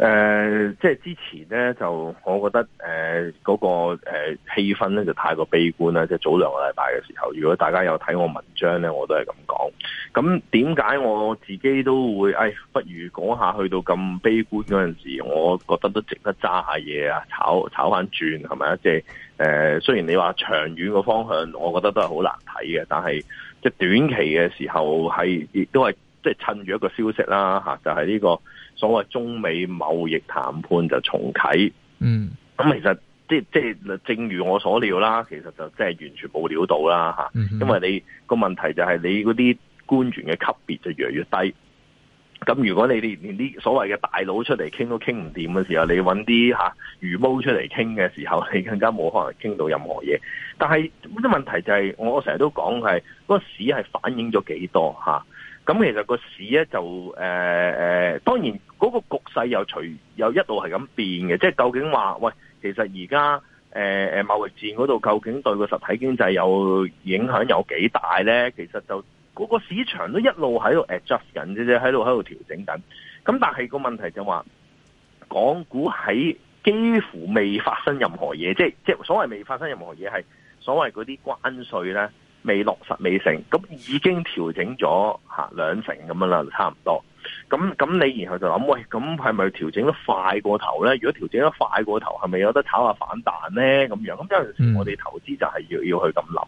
誒、呃，即係之前咧，就我覺得誒嗰、呃嗰個誒、呃、氣氛咧就太過悲觀啦。即係早兩個禮拜嘅時候，如果大家有睇我文章咧，我都係咁講。咁點解我自己都會誒、哎？不如講下去到咁悲觀嗰陣時，我覺得都值得揸下嘢啊，炒炒翻轉係咪啊？即係誒、呃，雖然你話長遠個方向，我覺得都係好難睇嘅，但係即係短期嘅時候係亦都係。即係趁住一個消息啦吓，就係呢個所謂中美貿易談判就重啟。嗯，咁其實即係即係正如我所料啦，其實就即係完全冇料到啦吓。因為你個問題就係你嗰啲官員嘅級別就越嚟越低，咁如果你哋連啲所謂嘅大佬出嚟傾都傾唔掂嘅時候，你搵啲吓魚毛出嚟傾嘅時候，你更加冇可能傾到任何嘢。但係呢個問題就係我成日都講，係嗰個市係反映咗幾多吓。咁其實個市咧就誒誒、呃，當然嗰個局勢又隨又一路係咁變嘅，即係究竟話喂，其實而家誒誒貿易戰嗰度究竟對個實體經濟有影響有幾大咧？其實就嗰、那個市場都一路喺度 adjust 緊，即啫，喺度喺度調整緊。咁但係個問題就話，港股喺幾乎未發生任何嘢，即係即係所謂未發生任何嘢係所謂嗰啲關稅咧。未落實未成，咁已經調整咗兩成咁樣啦，差唔多。咁咁你然後就諗喂，咁係咪調整得快過頭咧？如果調整得快過頭，係咪有得炒下反彈咧？咁樣咁有陣時我哋投資就係要、嗯、要去咁諗。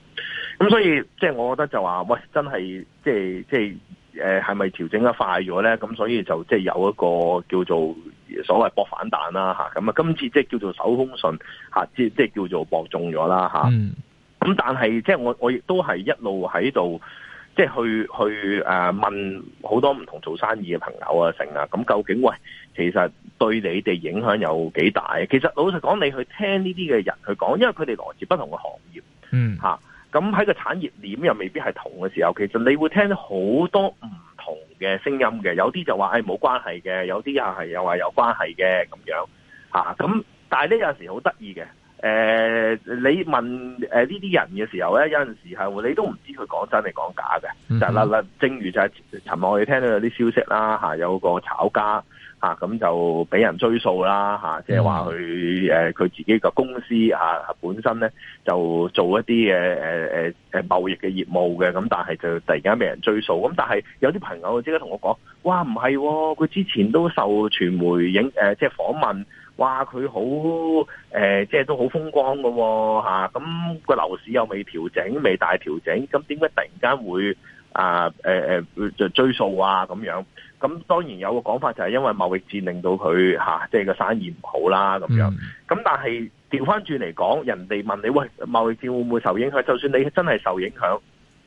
咁所以即係、就是、我覺得就話喂，真係即係即係誒係咪調整得快咗咧？咁所以就即係有一個叫做所謂搏反彈啦，咁啊今次即係叫做手空順即即係叫做搏中咗啦、啊嗯咁但係即係我我亦都係一路喺度，即係去去誒、呃、問好多唔同做生意嘅朋友啊，成啊，咁究竟喂，其實對你哋影響有幾大？其實老實講，你去聽呢啲嘅人去講，因為佢哋來自不同嘅行業，嗯、啊，吓，咁喺個產業鏈又未必係同嘅時候，其實你會聽好多唔同嘅聲音嘅，有啲就話誒冇關係嘅，有啲又係又話有關係嘅咁樣，吓、啊，咁但係呢有時好得意嘅。誒、呃，你問誒呢啲人嘅時候咧，有陣時係你都唔知佢講真定講假嘅，就啦啦。正如就尋日我哋聽到有啲消息啦，嚇、啊、有個炒家嚇咁、啊、就俾人追訴啦，嚇即係話佢誒佢自己個公司嚇、啊、本身咧就做一啲誒誒誒誒貿易嘅業務嘅，咁但係就突然間俾人追訴。咁、啊、但係有啲朋友即刻同我講：哇，唔係喎，佢之前都受傳媒影誒、啊，即係訪問。哇！佢好誒，即係都好風光嘅喎嚇，咁個樓市又未調整，未大調整，咁點解突然間會啊呃呃就追數啊咁樣？咁當然有個講法就係因為貿易戰令到佢、啊、即係個生意唔好啦咁樣。咁但係調翻轉嚟講，人哋問你喂，貿易戰會唔會受影響？就算你真係受影響，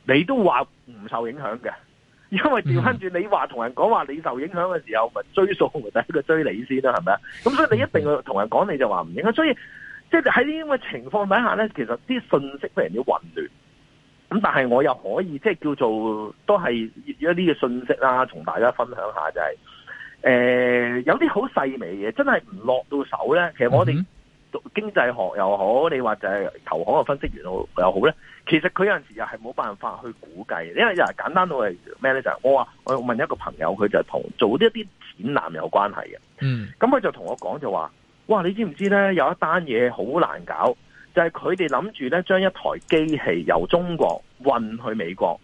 你都話唔受影響嘅。因為調返轉，你話同人講話你受影響嘅時候，咪追數，咪第一個追你先啦，係咪啊？咁所以你一定要同人講，你就話唔影響。所以即係喺呢咁嘅情況底下咧，其實啲信息非常之混亂。咁但係我又可以即係、就是、叫做都係一啲嘅信息啦，同大家分享下就係、是、誒、呃，有啲好細微嘅嘢，真係唔落到手咧。其實我哋。嗯經濟學又好，你話就係投行嘅分析員又好咧，其實佢有陣時又係冇辦法去估計，因為又係簡單到係咩咧？就係我話，我問一個朋友，佢就同做一啲展覽有關係嘅。嗯，咁佢就同我講就話，哇，你知唔知咧？有一單嘢好難搞，就係佢哋諗住咧，將一台機器由中國運去美國，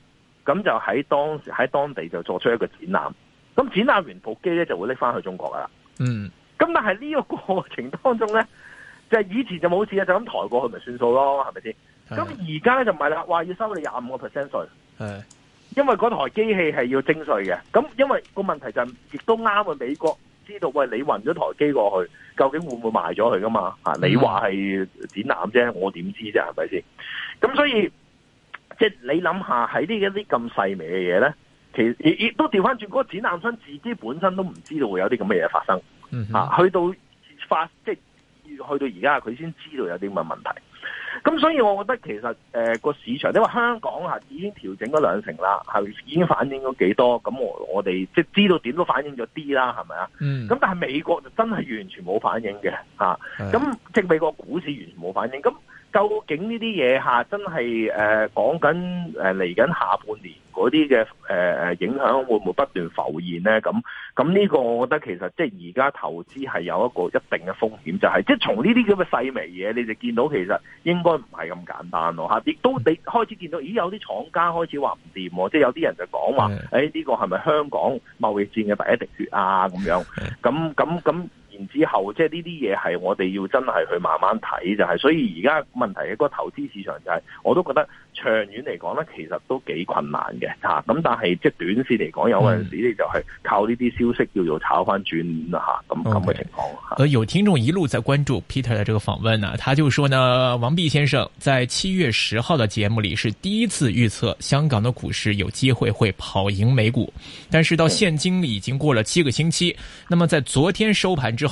咁就喺當時喺當地就做出一個展覽。咁展覽完部機咧，就會拎翻去中國噶啦。嗯，咁但係呢個過程當中咧。就以前就冇事啊，就咁抬過去咪算數咯，係咪先？咁而家咧就唔係啦，話要收你廿五個 percent 稅，係因為嗰台機器係要徵稅嘅。咁因為個問題就係，亦都啱啊！美國知道喂，你運咗台機過去，究竟會唔會賣咗佢噶嘛？啊，你話係展覽啫，我點知啫？係咪先？咁所以即係、就是、你諗下，喺呢一啲咁細微嘅嘢咧，其實亦亦都調翻轉嗰展覽商自己本身都唔知道會有啲咁嘅嘢發生啊，嗯、去到發即係。去到而家佢先知道有啲乜問題，咁所以我覺得其實誒個、呃、市場，因為香港吓、啊、已經調整咗兩成啦，係、啊、已經反映咗幾多，咁、啊、我我哋即係知道點都反映咗啲啦，係咪啊？咁、嗯、但係美國就真係完全冇反應嘅吓。咁即係美國股市完全冇反應。咁、啊、究竟呢啲嘢，吓真係誒講緊誒嚟緊下半年？嗰啲嘅誒誒影響會唔會不斷浮現咧？咁咁呢個我覺得其實即係而家投資係有一個一定嘅風險，就係即係從呢啲咁嘅細微嘢，你哋見到其實應該唔係咁簡單咯嚇。亦都你開始見到，咦，有啲廠家開始話唔掂，即係有啲人就講話，誒呢個係咪香港貿易戰嘅第一滴血啊？咁樣咁咁咁。之後，即係呢啲嘢係我哋要真係去慢慢睇就係，所以而家問題一個投資市場就係、是，我都覺得長遠嚟講呢，其實都幾困難嘅吓。咁但係即係短線嚟講，有陣時呢，就係靠呢啲消息叫做炒翻轉吓，咁咁嘅情況。Okay. 有聽眾一路在關注 Peter 嘅這個訪問呢，他就說呢，王弼先生在七月十號嘅節目裏是第一次預測香港嘅股市有機會會跑贏美股，但是到現今已經過了七個星期，嗯、那麼在昨天收盤之後。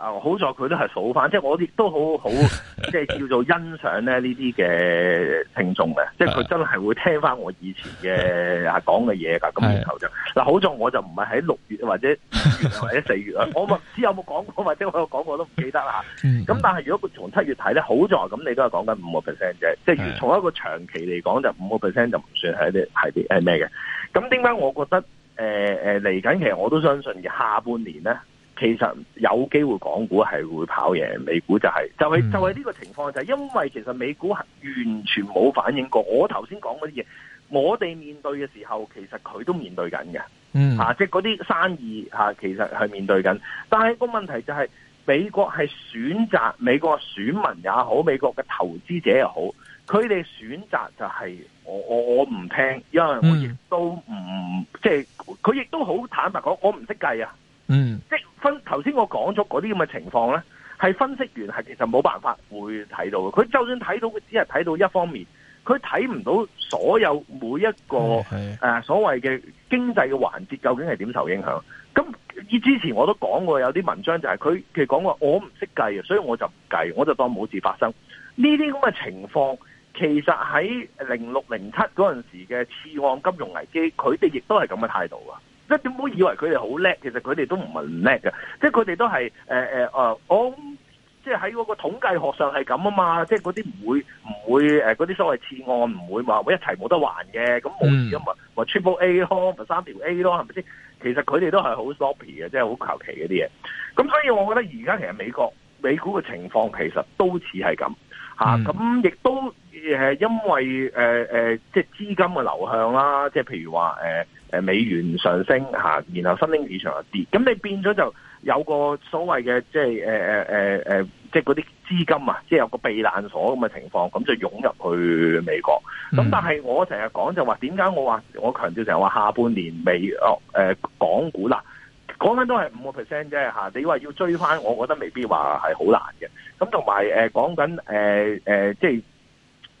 啊，好在佢都係數翻，即係我亦都好好，即係叫做欣賞咧呢啲嘅聽眾嘅，即係佢真係會聽翻我以前嘅啊講嘅嘢噶。咁然後就嗱，好在我就唔係喺六月或者五月或者四月啊， 我唔知有冇講過或者我有講過都唔記得啦。咁、嗯、但係如果從七月睇咧，好在咁你都係講緊五個 percent 啫，即係從一個長期嚟講就五個 percent 就唔算係啲係啲係咩嘅。咁點解我覺得誒誒嚟緊其實我都相信嘅下半年咧？其實有機會港股係會跑贏，美股就係、是、就係、是、就係、是、呢個情況，就係、是、因為其實美股係完全冇反應過。我頭先講嗰啲嘢，我哋面對嘅時候，其實佢都面對緊嘅，吓即係嗰啲生意吓、啊，其實係面對緊。但係個問題就係、是、美國係選擇美國選民也好，美國嘅投資者又好，佢哋選擇就係、是、我我我唔聽，因為我亦都唔、嗯、即係佢亦都好坦白講，我唔識計啊。嗯，即分頭先我講咗嗰啲咁嘅情況咧，係分析員係其實冇辦法會睇到嘅。佢就算睇到，佢只係睇到一方面，佢睇唔到所有每一個誒、呃、所謂嘅經濟嘅環節究竟係點受影響。咁以之前我都講過，有啲文章就係佢佢講過我唔識計啊，所以我就唔計，我就當冇事發生。呢啲咁嘅情況，其實喺零六零七嗰陣時嘅次按金融危機，佢哋亦都係咁嘅態度啊。即係點，冇以為佢哋好叻，其實佢哋都唔係唔叻嘅，即係佢哋都係誒誒誒，我、呃呃哦、即係喺嗰個統計學上係咁啊嘛，即係嗰啲唔會唔會誒嗰啲所謂次案唔會話會一齊冇得還嘅，咁冇事啊嘛，話 Triple、嗯、A 咯，咪三條 A 咯，係咪先？其實佢哋都係好 sloppy 嘅，即係好求其嗰啲嘢。咁所以我覺得而家其實美國美股嘅情況其實都似係咁吓，咁、啊、亦都。誒，因為誒誒，即係資金嘅流向啦，即係譬如話誒誒，美元上升吓，然後新興市場又跌，咁你變咗就有個所謂嘅即係誒誒誒誒，即係嗰啲資金啊，即係有個避難所咁嘅情況，咁就湧入去美國。咁、嗯、但係我成日講就話，點解我話我強調成日話下半年美誒港股啦，講緊都係五個 percent 啫吓。你話要追翻，我覺得未必話係好難嘅。咁同埋誒講緊誒誒，即、呃、係。就是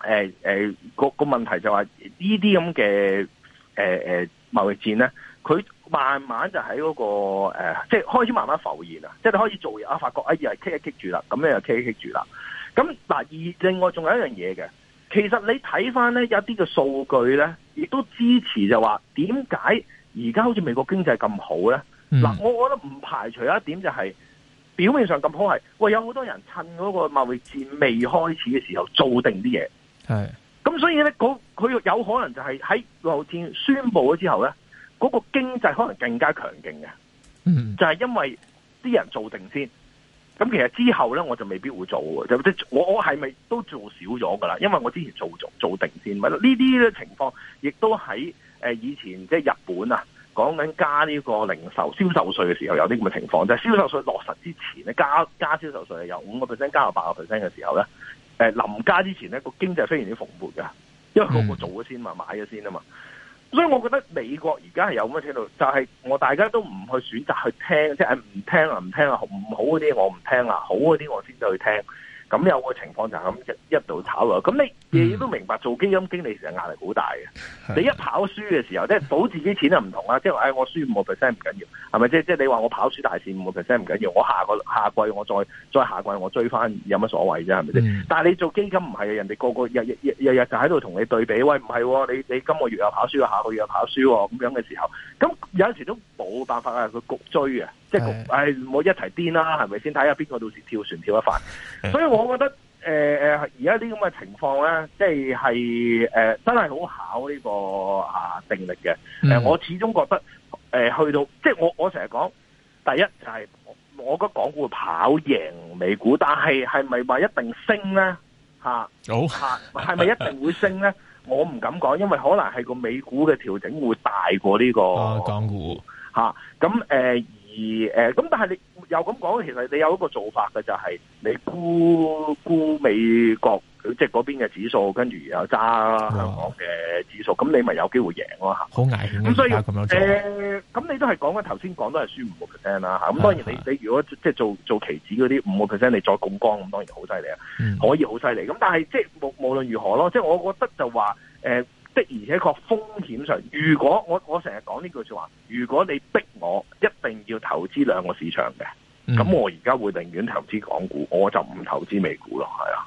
誒、呃、誒、呃，個個問題就話呢啲咁嘅誒誒貿易戰咧，佢慢慢就喺嗰、那個誒、呃，即係開始慢慢浮現啦，即係你開始做嘢，啊發覺哎又係棘一棘住啦，咁咧又棘一棘住啦，咁嗱，而另外仲有一樣嘢嘅，其實你睇翻咧有一啲嘅數據咧，亦都支持就話，點解而家好似美國經濟咁好咧？嗱、嗯，我覺得唔排除一點就係、是、表面上咁好係，喂有好多人趁嗰個貿易戰未開始嘅時候做定啲嘢。係，咁所以咧，佢有可能就係喺路線宣布咗之後咧，嗰、嗰個經濟可能更加強勁嘅，嗯，就係、是、因為啲人做定先，咁其實之後咧我就未必會做嘅，即我我係咪都做少咗噶啦？因為我之前做做定先，咁呢啲情況亦都喺誒以前即係日本啊，講緊加呢個零售銷售稅嘅時候有啲咁嘅情況，就係、是、銷售稅落實之前咧加加銷售稅係有五個 percent 加到八個 percent 嘅時候咧。誒，林家之前咧個經濟非常之蓬勃㗎，因為佢冇做咗先嘛，買咗先啊嘛，嗯、所以我覺得美國而家係有乜程度，就係、是、我大家都唔去選擇去聽，即係唔聽啊，唔聽啊，唔好嗰啲我唔聽啊，好嗰啲我先、啊、去聽。咁有個情況就係咁一一度炒落，咁你亦都明白做基金經理成日壓力好大嘅。你一跑輸嘅時候，即係賭自己錢係唔同啦。即係誒、哎，我輸五個 percent 唔緊要，係咪？即即你話我跑輸大市五個 percent 唔緊要，我下個下季我再再下季我追翻，有乜所謂啫？係咪先？嗯、但係你做基金唔係人哋個個日日日日就喺度同你對比。喂，唔係喎，你你今個月又跑輸，下個月又跑輸咁、哦、樣嘅時候，咁有時都冇辦法啊！佢焗追啊！即係，唔、哎、我一齊癲啦，係咪先？睇下邊個到時跳船跳一翻。所以我覺得，誒、呃，誒，而家啲咁嘅情況咧，即係，誒、呃，真係好考呢、這個啊定力嘅。誒、呃，我始終覺得，誒、呃，去到，即係我，我成日講，第一就係、是，我覺得港股會跑贏美股，但係係咪話一定升咧？吓、啊，好、oh 啊，係咪一定會升咧？ 我唔敢講，因為可能係個美股嘅調整會大過呢、這個、uh, 港股吓、啊。咁，誒、呃。而咁、呃，但係你又咁講，其實你有一個做法嘅就係、是、你估估美國即係嗰邊嘅指數，跟住又揸香港嘅指數，咁、哦、你咪有機會贏咯、啊、好危險咁，所以誒，咁、呃呃、你都係講緊頭先講都係輸五個 percent 啦嚇。咁當然你是是是你如果即係做做期指嗰啲五個 percent，你再槓桿，咁當然好犀利啊，可以好犀利。咁、嗯、但係即係無，無論如何咯，即係我覺得就話的而且確風險上，如果我我成日講呢句說話，如果你逼我一定要投資兩個市場嘅，咁我而家會寧願投資港股，我就唔投資美股咯，係啊。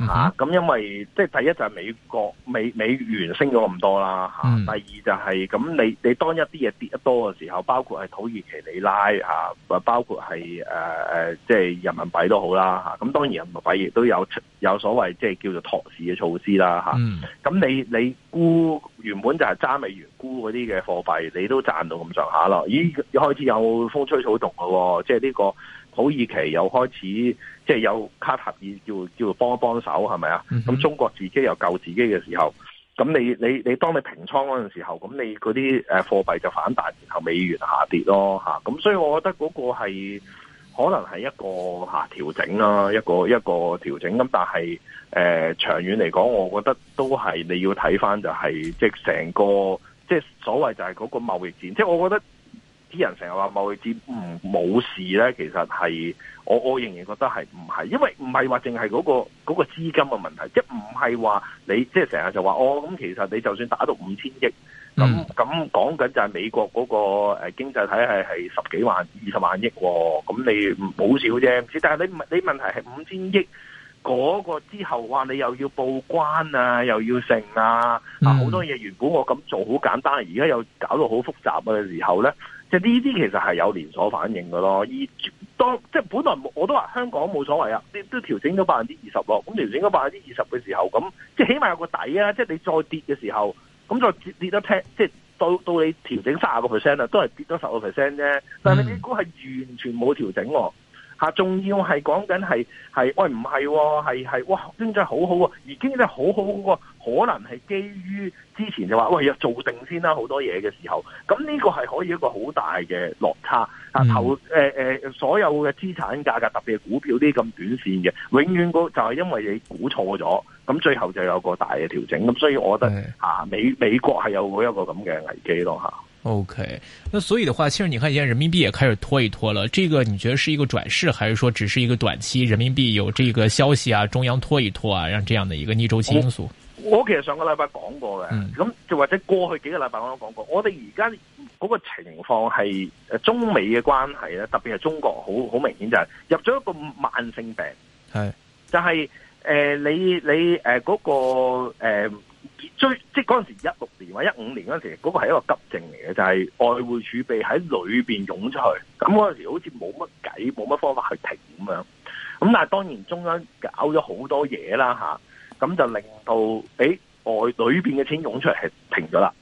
吓、uh-huh. 咁、啊，因為即係第一就係美國美美元升咗咁多啦吓，啊 mm. 第二就係、是、咁你你當一啲嘢跌得多嘅時候，包括係土耳其里拉、啊、包括係誒誒即係人民幣都好啦吓，咁、啊啊、當然人民幣亦都有有所謂即係叫做托市嘅措施啦吓，咁、啊 mm. 啊、你你沽原本就係揸美元沽嗰啲嘅貨幣，你都賺到咁上下啦，咦開始有風吹草動嘅，即係呢個。土耳其又開始即係有卡塔 t 叫叫幫一幫手，係咪啊？咁、嗯、中國自己又救自己嘅時候，咁你你你當你平倉嗰陣時候，咁你嗰啲誒貨幣就反彈，然後美元下跌咯嚇。咁、啊、所以我覺得嗰個係可能係一個嚇調、啊、整啦、啊，一個一個調整。咁但係誒、呃、長遠嚟講，我覺得都係你要睇翻就係、是、即係成個即係所謂就係嗰個貿易戰。即係我覺得。啲人成日話某啲唔冇事咧，其實係我我仍然覺得係唔係，因為唔係話淨係嗰個嗰個資金嘅問題，即唔係話你即係成日就話哦咁，其實你就算打到五千億咁咁講緊就係美國嗰個誒經濟體係十幾萬二十萬億、哦，咁你唔好少啫。但係你你問題係五千億嗰、那個之後，話你又要報關啊，又要剩啊，好、嗯啊、多嘢原本我咁做好簡單，而家又搞到好複雜嘅時候咧。即係呢啲其實係有連鎖反應嘅咯，而當即係本來我都話香港冇所謂啊，都調整咗百分之二十咯，咁調整咗百分之二十嘅時候，咁即係起碼有個底啊！即係你再跌嘅時候，咁再跌跌得輕即係到到你調整三十個 percent 啊，都係跌咗十個 percent 啫。但係啲股係完全冇調整。嚇、啊，仲要係講緊係係，喂，唔係、啊，係係，哇，經濟好好、啊、喎，而經濟好好、啊、嗰可能係基於之前就話，喂，要做定先啦，好多嘢嘅時候，咁呢個係可以一個好大嘅落差啊！頭，誒、呃、誒、呃，所有嘅資產價格，特別係股票啲咁短線嘅，永遠個就係因為你估錯咗，咁最後就有一個大嘅調整。咁所以我覺得嚇、啊、美美國係有一個咁嘅危機咯嚇。啊。O、okay. K，那所以的話，其實你看，現在人民幣也開始拖一拖了。這個你覺得是一個轉勢，還是說只是一個短期人民幣有這個消息啊？中央拖一拖啊，讓這樣的一個逆週期因素？我，我其實上個禮拜講過嘅，咁、嗯、就或者過去幾個禮拜我都講過。我哋而家嗰個情況係中美嘅關係咧，特別係中國好好明顯就係、是、入咗一個慢性病，係、哎、就係、是、誒、呃、你你嗰、呃那個、呃追即係嗰陣時一六年或一五年嗰陣時，嗰個係一個急症嚟嘅，就係、是、外匯儲備喺裏邊湧出去，咁嗰陣時好似冇乜計，冇乜方法去停咁樣。咁但係當然中央搞咗好多嘢啦，吓咁就令到誒外、欸、裏邊嘅錢湧出嚟係停咗啦，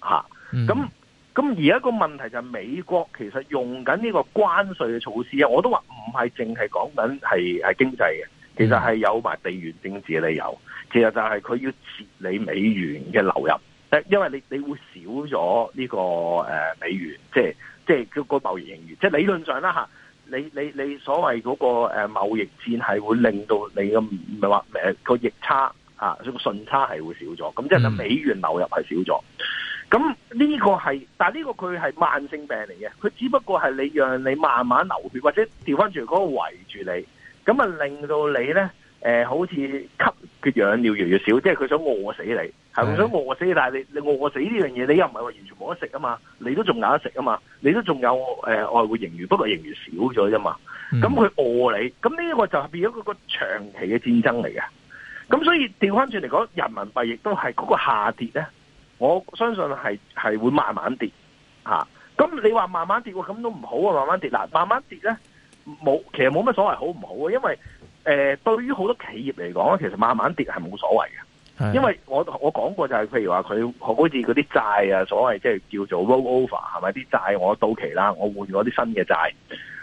吓咁咁而家個問題就係美國其實用緊呢個關稅嘅措施啊，我都話唔係淨係講緊係誒經濟嘅，其實係有埋地緣政治嘅理由。其實就係佢要截你美元嘅流入，誒，因為你你會少咗呢、這個誒、呃、美元，即係即係叫個貿易盈餘，即係理論上啦吓、啊，你你你所謂嗰、那個誒貿、呃、易戰係會令到你嘅唔係話誒個逆差啊，個順差係會少咗，咁即係美元流入係少咗，咁呢個係，但係呢個佢係慢性病嚟嘅，佢只不過係你讓你慢慢流血，或者調返轉嗰個圍住你，咁啊令到你咧誒、呃、好似吸。佢養料越嚟越少，即係佢想餓死你，係咪想餓死你？但係你你餓死呢樣嘢，你又唔係話完全冇得食啊嘛，你都仲有得食啊嘛，你都仲有誒外匯盈餘，不過盈餘少咗啫嘛。咁、嗯、佢餓你，咁呢個就係變咗嗰個長期嘅戰爭嚟嘅。咁所以調翻轉嚟講，人民幣亦都係嗰個下跌咧，我相信係係會慢慢跌嚇。咁、啊、你話慢慢跌，咁都唔好啊，慢慢跌嗱，慢慢跌咧冇，其實冇乜所謂好唔好啊，因為。誒、呃，對於好多企業嚟講咧，其實慢慢跌係冇所謂嘅，因為我我講過就係、是，譬如話佢好似嗰啲債啊，所謂即係叫做 rollover，係咪啲債我到期啦，我換咗啲新嘅債，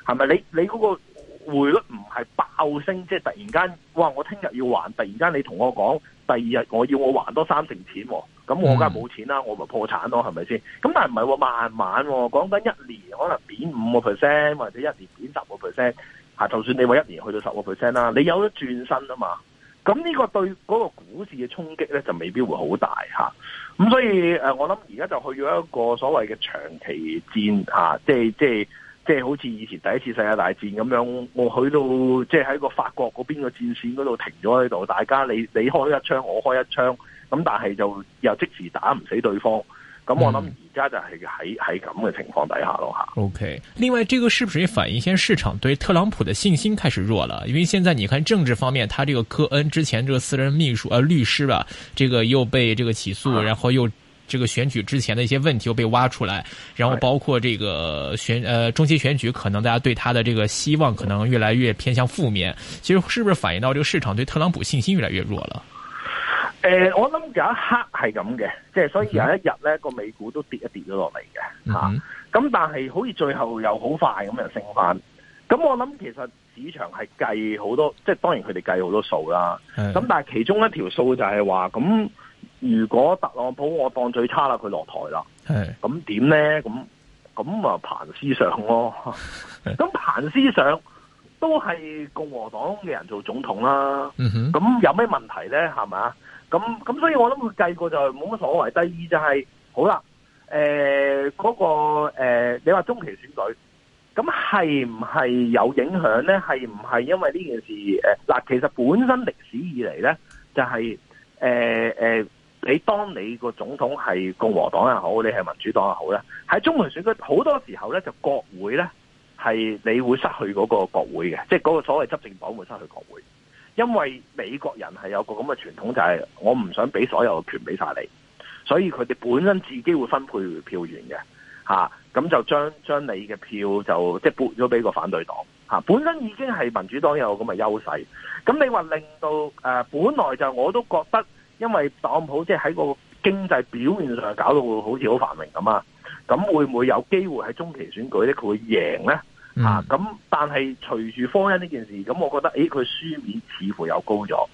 係咪？你你嗰個匯率唔係爆升，即係突然間，哇！我聽日要還，突然間你同我講第二日我要我還多三成錢，哦，咁我梗係冇錢啦，我咪破產咯，係咪先？咁但係唔係喎，慢慢喎、哦，講緊一年可能貶五個 percent，或者一年貶十個 percent。就算你話一年去到十個 percent 啦，你有得轉身啊嘛，咁呢個對嗰個股市嘅衝擊咧就未必會好大吓，咁所以誒我諗而家就去咗一個所謂嘅長期戰吓，即係即係即係好似以前第一次世界大戰咁樣，我去到即係喺個法國嗰邊個戰線嗰度停咗喺度，大家你你開一槍我開一槍，咁但係就又即時打唔死對方。咁我諗而家就係喺喺咁嘅情況底下咯吓。OK，另外，這個是不是反映現市場對特朗普的信心開始弱了？因為現在你看政治方面，他這個科恩之前這個私人秘書啊、呃、律師啊，這個又被這個起訴，然後又這個選舉之前的一些問題又被挖出來，然後包括這個選，呃中期選舉，可能大家對他的這個希望可能越來越偏向負面。其實是不是反映到這個市場對特朗普信心越來越弱了？誒、呃，我諗有一刻係咁嘅，即係所以有一日咧個美股都跌一跌咗落嚟嘅，吓、嗯、咁、啊、但係好似最後又好快咁樣升翻。咁我諗其實市場係計好多，即係當然佢哋計好多數啦。咁但係其中一條數就係話，咁如果特朗普我當最差啦，佢落台啦，咁點咧？咁咁啊，彭斯上咯。咁 彭斯上都係共和黨嘅人做總統啦。咁、嗯、有咩問題咧？係咪啊？咁咁，所以我諗佢計過就冇乜所謂。第二就係、是、好啦，誒、呃、嗰、那個誒、呃、你話中期選舉，咁係唔係有影響呢？係唔係因為呢件事嗱、呃，其實本身歷史以嚟呢，就係誒誒，你當你個總統係共和黨又好，你係民主黨又好咧，喺中期選舉好多時候呢，就國會呢，係你會失去嗰個國會嘅，即係嗰個所謂執政黨會失去國會。因為美國人係有個咁嘅傳統，就係我唔想俾所有嘅權俾晒你，所以佢哋本身自己會分配票源嘅，吓、啊、咁就將將你嘅票就即係撥咗俾個反對黨，吓、啊、本身已經係民主黨有咁嘅優勢，咁你話令到誒、呃、本來就我都覺得，因為特朗普即係喺個經濟表面上搞到好似好繁榮咁啊，咁會唔會有機會喺中期選舉咧？佢會贏咧？嗯、啊，咁但係隨住科恩呢件事，咁我覺得，誒、欸，佢書面似乎又高咗。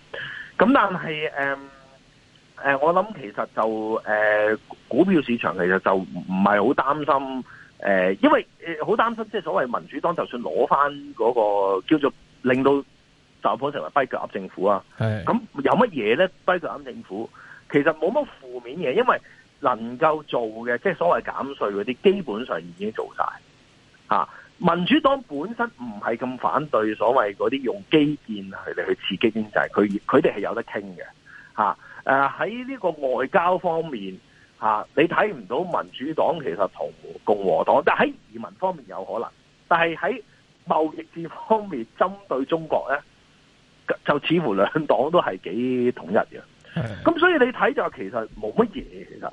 咁但係，誒、嗯，誒、嗯，我諗其實就，誒、呃，股票市場其實就唔係好擔心。誒、呃，因為，好、呃、擔心即係、就是、所謂民主黨就算攞翻嗰個叫做令到政府成為跛腳鴨政府啊。咁有乜嘢咧？跛腳鴨政府其實冇乜負面嘢，因為能夠做嘅即係所謂減稅嗰啲，基本上已經做晒。吓、啊。民主黨本身唔係咁反對所謂嗰啲用基建嚟去刺激經濟，佢佢哋係有得傾嘅吓。誒喺呢個外交方面吓、啊，你睇唔到民主黨其實同共和黨，但喺移民方面有可能，但係喺貿易戰方面針對中國咧，就似乎兩黨都係幾統一嘅。咁所以你睇就其實冇乜嘢，其實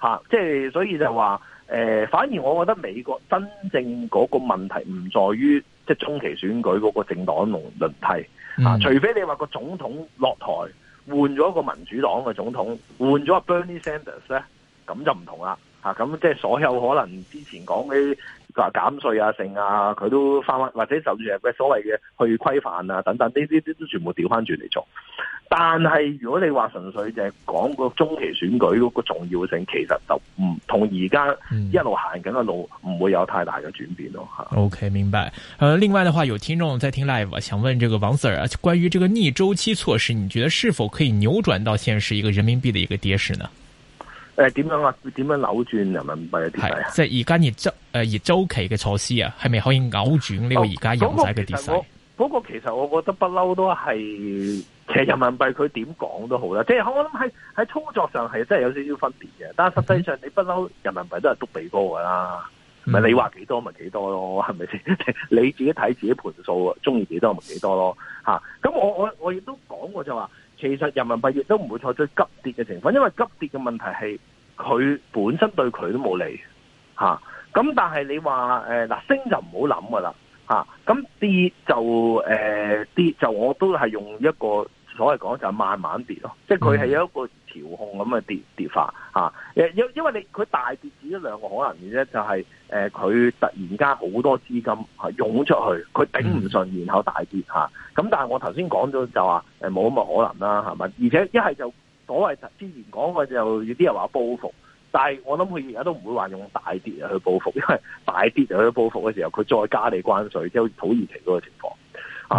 吓，即係所以就係話、是。誒，反而我覺得美國真正嗰個問題唔在於即係中期選舉嗰個政黨同輪替啊，嗯、除非你話個總統落台換咗一個民主黨嘅總統，換咗阿 Bernie Sanders 咧，咁就唔同啦。啊，咁即係所有可能之前講啲啊減稅啊剩啊佢都翻翻，或者甚至係嘅所謂嘅去規範啊等等呢啲啲都全部調翻轉嚟做。但係如果你話純粹就係講個中期選舉嗰個重要性，其實就唔同而家一路行緊嘅路，唔會有太大嘅轉變咯吓。OK，明白。誒，另外的話，有聽眾在聽 live，想問這個王 Sir，關於這個逆周期措施，你覺得是否可以扭轉到現時一個人民幣嘅一個跌勢呢？誒、呃，點樣啊？點樣扭轉人民幣嘅跌勢啊？即係而家熱周誒熱周期嘅措施啊，係咪可以扭轉呢個而家人仔嘅跌勢？嗰，那個那個其實我覺得不嬲都係，其實人民幣佢點講都好啦。即、就、係、是、我諗喺喺操作上係真係有少少分別嘅。但係實際上你不嬲，人民幣都係督鼻哥噶啦，唔、嗯、係你話幾多咪幾多咯，係咪先？ 你自己睇自己盤數，中意幾多咪幾多咯。吓、啊，咁我我我亦都講過就話、是。其實人民幣亦都唔會採取急跌嘅情況，因為急跌嘅問題係佢本身對佢都冇利吓。咁、啊、但係你話誒，嗱，升就唔好諗噶啦吓，咁、啊、跌就誒、呃、跌就我都係用一個所謂講就係慢慢跌咯，即係佢係有一個。調控咁啊跌跌化因、啊、因為你佢大跌只一兩個可能嘅啫，就係、是、佢、呃、突然間好多資金湧出去，佢頂唔順，然後大跌咁、啊、但係我頭先講咗就話冇咁嘅可能啦，係、啊、咪？而且一係就所謂之前講嘅就有啲人話報復，但係我諗佢而家都唔會話用大跌去報復，因為大跌去報復嘅時候，佢再加你關稅，即係好土耳其嗰個情況。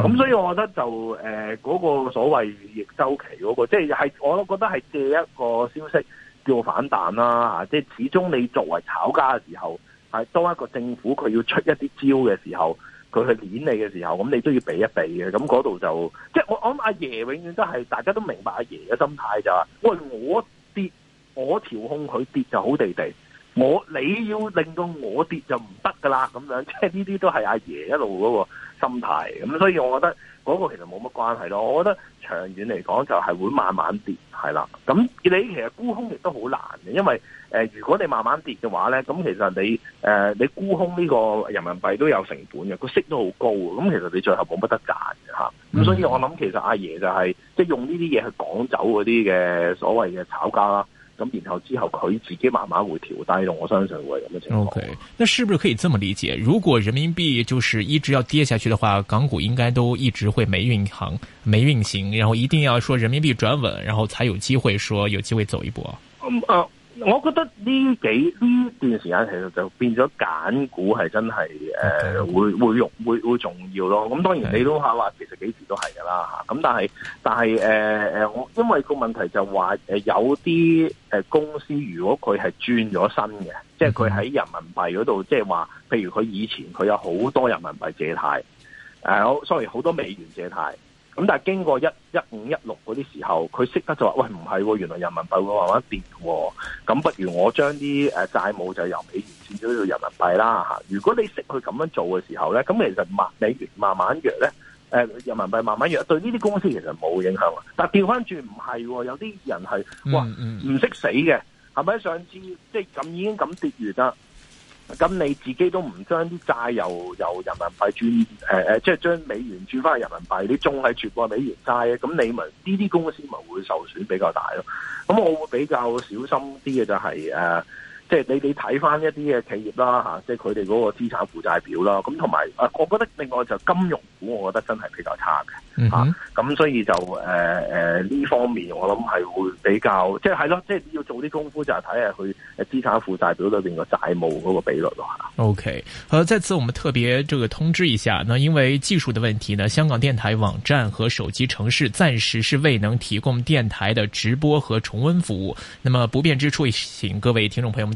咁、嗯、所以我覺得就誒嗰、呃那個所謂逆周期嗰、那個，即、就、係、是、我都覺得係借一個消息叫反彈啦吓，即、就、係、是、始終你作為炒家嘅時候，係當一個政府佢要出一啲招嘅時候，佢去攆你嘅時候，咁你都要避一避嘅。咁嗰度就即係、就是、我諗阿爺永遠都係大家都明白阿爺嘅心態就話，喂我，我跌我調控佢跌就好地地，我你要令到我跌就唔得噶啦咁樣，即係呢啲都係阿爺一路個心態咁，所以我覺得嗰個其實冇乜關係咯。我覺得長遠嚟講，就係會慢慢跌係啦。咁你其實沽空亦都好難嘅，因為誒、呃，如果你慢慢跌嘅話咧，咁其實你誒、呃，你沽空呢個人民幣都有成本嘅，個息都好高，咁其實你最後冇乜得賺嘅吓。咁所以我諗，其實阿爺就係即係用呢啲嘢去趕走嗰啲嘅所謂嘅炒家啦。咁然後之後佢自己慢慢會調低咯，我相信會咁嘅情況。OK，那是不是可以這麼理解？如果人民幣就是一直要跌下去的話，港股應該都一直會沒運行、沒運行，然後一定要說人民幣轉穩，然後才有機會說有機會走一波。嗯。啊我覺得呢幾呢段時間其實就變咗揀股係真係誒、okay. 呃、會會慾會會重要咯。咁、嗯、當然你都話話其實幾時都係㗎啦嚇。咁、嗯、但係但係誒誒，我、呃、因為個問題就話誒、呃、有啲誒公司如果佢係轉咗新嘅，即係佢喺人民幣嗰度，即係話，譬如佢以前佢有好多人民幣借貸，誒、呃、sorry 好多美元借貸。咁但係經過一一五一六嗰啲時候，佢識得就話喂唔係、啊，原來人民幣會慢慢跌、啊，咁不如我將啲誒債務就由美元轉咗到人民幣啦吓。如果你識佢咁樣做嘅時候咧，咁其實你美元慢慢弱咧，誒、呃、人民幣慢慢弱，對呢啲公司其實冇影響啊。但係調翻轉唔係，有啲人係哇唔識死嘅，係咪上次即係咁已經咁跌完啦？咁你自己都唔將啲債由由人民幣轉，呃、即係將美元轉翻去人民幣，你中係全過美元債，咁你咪呢啲公司咪會受損比較大咯。咁我會比較小心啲嘅就係、是呃即係你你睇翻一啲嘅企業啦嚇，即係佢哋嗰個資產負債表啦，咁同埋啊，我覺得另外就金融股，我覺得真係比較差嘅嚇，咁、嗯、所以就誒誒呢方面，我諗係會比較即係係咯，即、就、係、是、要做啲功夫就係睇下佢資產負債表裏邊個債務嗰個比率咯嚇。O K，好，在此我們特別這個通知一下，那因為技術的問題呢，香港電台網站和手機程式暫時是未能提供電台的直播和重温服務，那麼不便之處，請各位聽眾朋友們。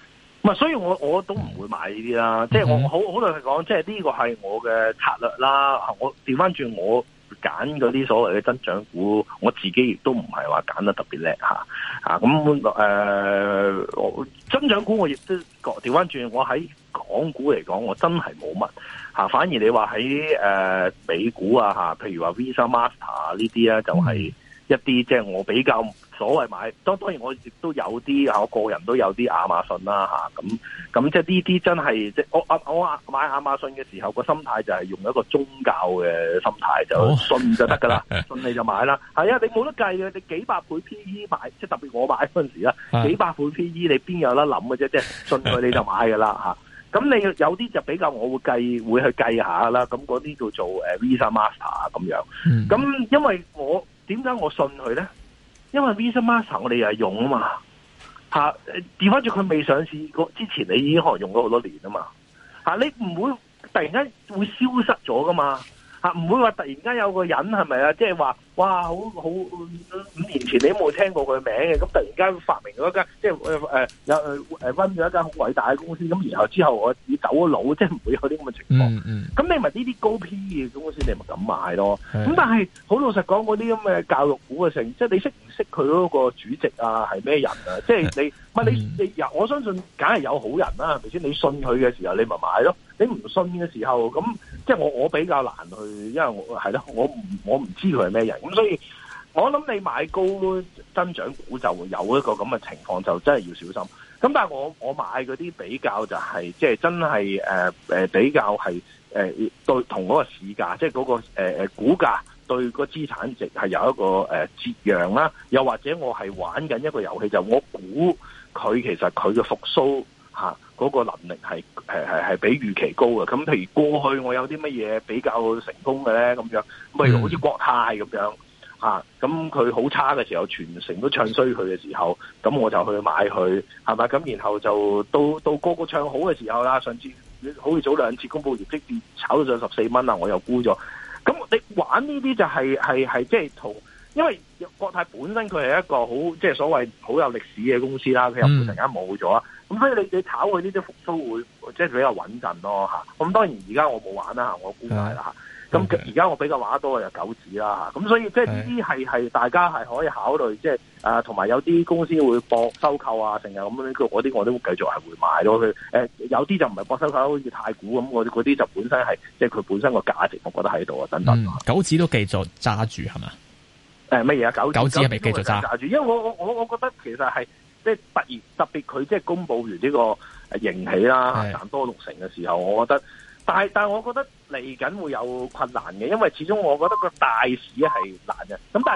唔係，所以我我都唔會買呢啲啦。即係我好好耐嚟講，即係呢個係我嘅策略啦。我調翻轉我揀嗰啲所謂嘅增長股，我自己亦都唔係話揀得特別叻嚇。啊，咁誒、呃、增長股我亦都調翻轉，我喺港股嚟講，我真係冇乜嚇。反而你話喺誒美股啊嚇，譬如話 Visa Master、就係、Master 啊呢啲咧，就係。一啲即係我比較所謂買，當當然我亦都有啲我個人都有啲亞馬遜啦吓，咁、啊、咁即係呢啲真係即係我我我買亞馬遜嘅時候，那個心態就係用一個宗教嘅心態就信就得噶啦，oh. 信你就買啦。係 啊，你冇得計嘅，你幾百倍 P E 買，即係特別我買嗰陣時啦，yeah. 幾百倍 P E 你邊有得諗嘅啫，即係信佢你就買噶啦吓。咁、啊、你有啲就比較我會計會去計下啦，咁嗰啲叫做誒 Visa Master 啊咁樣，咁、mm. 因為我。點解我信佢咧？因為 Visa Master 我哋又係用啊嘛，吓，調翻轉佢未上市之前，你已經可能用咗好多年啊嘛，吓、啊、你唔會突然間會消失咗噶嘛。唔會話突然間有個人係咪啊？即係話哇，好好五年前你都冇聽過佢名嘅，咁突然間發明咗一間，即係誒有誒溫咗一間好偉大嘅公司，咁然後之後我走咗佬，即係唔會有啲咁嘅情況。咁、嗯嗯、你咪呢啲高 P 嘅公司，你咪咁買咯。咁但係好老實講，嗰啲咁嘅教育股嘅成，即係你識唔識佢嗰個主席啊？係咩人啊？即係你係、嗯嗯、你你我相信梗係有好人啦，係咪先？你信佢嘅時候，你咪買咯。你唔信嘅時候，咁。即係我我比較難去，因為我係咯，我唔我唔知佢係咩人，咁所以我諗你買高增長股就會有一個咁嘅情況，就真係要小心。咁但係我我買嗰啲比較就係即係真係誒誒比較係誒對同嗰個市價，即係嗰個誒誒股價對個資產值係有一個誒折讓啦。又或者我係玩緊一個遊戲，就我估佢其實佢嘅復甦。吓、啊，嗰、嗰個能力係係係比預期高嘅。咁譬如過去我有啲乜嘢比較成功嘅咧，咁樣，譬如好似國泰咁樣，咁佢好差嘅時候，全城都唱衰佢嘅時候，咁我就去買佢，係咪？咁然後就到到個個唱好嘅時候啦。上次好似早兩次公佈業績跌，炒咗上十四蚊啦，我又沽咗。咁你玩呢啲就係係係即係同，因為國泰本身佢係一個好即係所謂好有歷史嘅公司啦，佢又突然間冇咗。嗯。咁所以你你炒佢呢啲復甦會，即係比較穩陣咯。吓，咁當然而家我冇玩啦，吓，我估計啦，吓，咁而家我比較玩得多嘅就九指啦，吓，咁所以即係呢啲係係大家係可以考慮，即係同埋有啲公司會博收購啊，成日咁樣佢嗰啲我都繼續係會買咯佢。誒有啲就唔係博收購，好似太古咁，我嗰啲就本身係即係佢本身個價值，我覺得喺度啊等等。九指都繼續揸住係嘛？咩嘢啊？九九指啊，繼續揸住？因為我我我我覺得其實係即係突然，特別佢即係公布完呢個誒盈喜啦，賺多六成嘅時候，我覺得，但係但係我覺得嚟緊會有困難嘅，因為始終我覺得個大市係難嘅，咁但係。